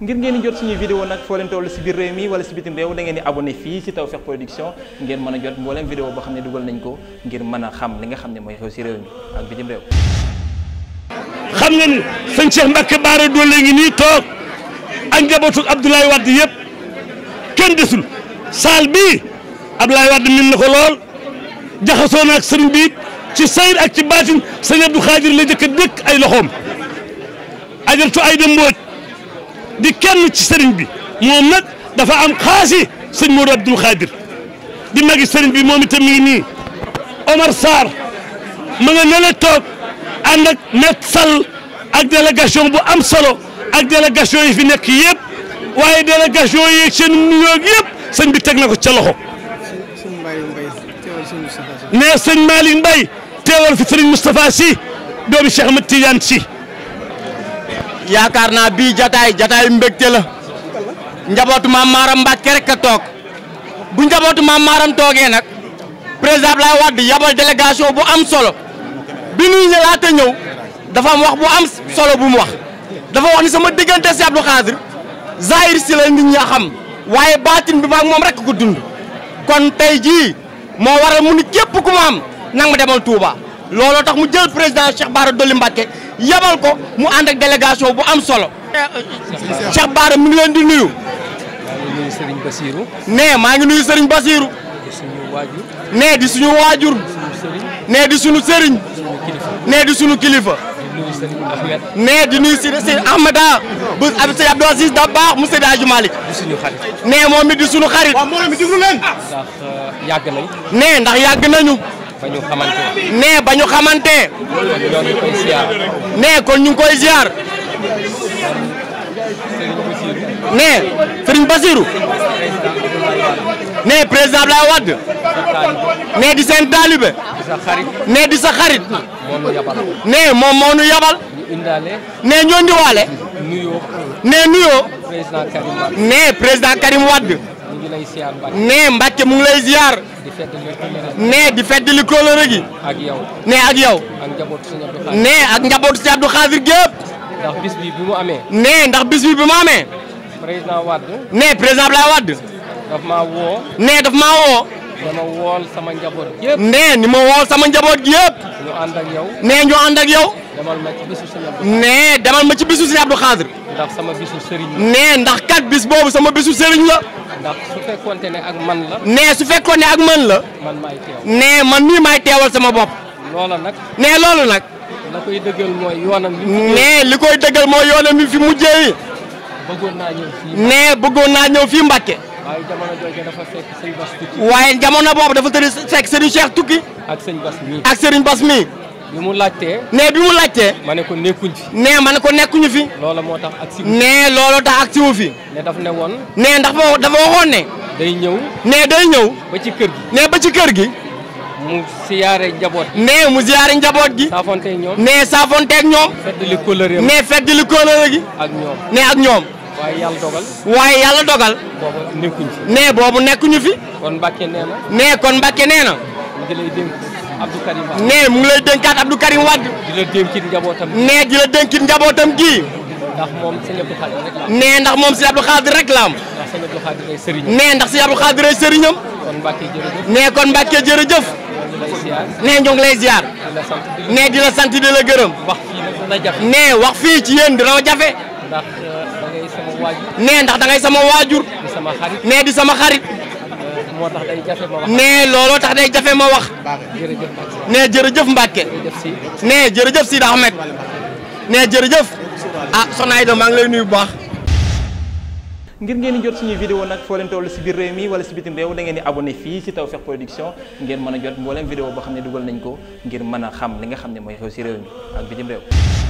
ngir ngeen di jot suñuy vidéo nag foo leen toll si biir réew mi wala si bitim réew da ngeen di abonné fii si Tawfekh Production ngeen mën a jot mbooleem vidéo boo xam ne dugal nañ ko ngir mën a xam li nga xam ne mooy xew si réew mi xam nga ni sëñ Cheikh Mbacke Baara Doole ngi nii toog ak njabootu Abdoulaye Wade yëpp kenn desul saal bii Abdoulaye Wade min na ko lool jaxasoo na ak sëriñ bi ci sayr ak ci baatin sëñ Abdou Khadir la jëkk dëkk ay loxoom ajartu ay dem mbooj di kenn ci sëriñ bi moom nag dafa am xaasi sëñ Modou Abdoul Khadir di magi sëriñ bi moom itam mi nii Omar Sarr ma nga nele toog ànd ak Maître Sall ak délégation bu am solo ak délégation yi fi nekk yëpp waaye délégation yi seen nuyoo yëpp sëñ bi teg na ko ca loxo nee sëñ Malick Mbaye teewal fi sëriñ Moustapha Sy doomi Cheikh Ahmed Tidiane yaakaar naa bii jataay jataay mbégte la njabootu maam maaram Mbàkke rek a toog bu njabootu maam maaram toogee nag président Abdoulaye Wade yabal délégation bu am solo bi nuy ne ñëw dafa am wax bu am solo bu mu wax dafa wax ni sama diggante si Abdou Khadir zahir si la nit ña xam waaye baatin bi maag moom rek ko dund kon tey jii moo waral mu ni képp ku ma am nang ma demal Touba. looloo tax mu jël président Cheikh Bara Dolly Mbacké yebal ko mu ànd ak délégation bu am solo. Cheikh Bara mi ngi leen di nuyu. nee maa ngi nuyu Serigne Bassirou. nee di suñu waajur. nee di suñu sëriñ. nee di suñu kilifa. nee di nuyu Serigne Ahmada ah, bu ab Serigne Abdou Aziz da baax mu Seydi Hadji Malick. nee moom it di suñu xarit. Euh, nee ndax yàgg nañu. ba ñu xamante ne ba ñu xamante ne kon ñu ngi koy ziar ne Serigne Bassirou ne président Abdoulaye Wade ne di seen taalibe ne di sa xarit ne moom moo nu yabal ne ñoo ndiwaale ne nuyoo ne président Karim Wade lay ziar Mbacke. nee Mbacke mu ngi lay ziar. di feddali kóllëre gi. nee di feddali gi. ak yow. nee ak yow. ak njabootu Sëñ Abdou nee ak njaboot Sëñ Abdou Khadir gépp. bi bi mu amee. nee ndax bis bi bi mu amee. président Wade. nee président Abdoulaye Wade. daf maa woo. nee daf maa woo. dama njaboot nee ni ma wool sama njaboot yëpp. ñu ànd ak yow. nee ñu ànd ak yow. ci bisu Sëñ Abdou. nee demal ma ci bisu Sëñ Abdou nee ndax kat bis boobu sama bisu sëriñ la. ndax su fekkoonte ne ak man la. nee su fekkoon ne ak man la. man maay teew nee man mii maay teewal sama bopp. loola nag. nee loolu nag. la koy dëggal mooy yoonam. nee li koy dëggal mooy yoonam bi fi mujjee. bëggoon naa nee bëggoon naa ñëw fii Mbàkke. waaye jamono jooju dafa fekk waaye jamono boobu dafa tëri fekk sëriñ Cheikh tukki. ak sëñ Bas mii ak sëriñ Bas mii. bi mu laajtee. nee bi mu laajtee. ma ne ko nekkuñ nee ma ne ko nekkuñu fi. loola moo tax ak si. nee looloo tax ak si fi. daf ne woon. nee ndax ma dafa waxoon ne. day ñëw. nee day ñëw. ba ci kër gi. nee ba ci kër gi. mu siyaare njaboot. nee mu siyaare njaboot gi. saafonte ak ñoom. nee saafonte ñoom. fedd li kóllëre. nee fedd li kóllëre gi. ak ñoom. nee ak ñoom. waaye yàlla dogal. waaye yàlla dogal. boobu nekkuñ nee boobu nekkuñu fi. kon Mbacke nee na. nee kon Mbacke nee na. Abdou Karim Wade nee mu ngi lay dénkaat Abdou Karim Wade. nee di la dénkit njabootam gi. am. nee ndax moom sëñ Abdou Khadir rek la ndax si Abdou Khadir ay sëriñam. nee kon Mbacke jërëjëf. nee kon nee ñoo lay ziar. nee di la sant de la gërëm. wax nee wax fii ci yéen dina jafe. ndax eh, da sama waajur. nee ndax da sama waajur. di nee di sama xarit. nee looloo tax day jafe ma wax. nee jërëjëf Mbacke. nee jërëjëf Sidi Ahmed. nee jërëjëf. ah soxna Aida maa ngi lay nuyu bu baax. ngir ngeen di jot suñuy vidéo nag foo leen toll si biir réew mi wala si bitim réew dangeen di abonné fii si Tawfekh Production ngeen mën a jot mbooleem vidéo boo xam ne dugal nañ ko ngir mën a xam li nga xam ne mooy xew si réew mi ak bitim réew.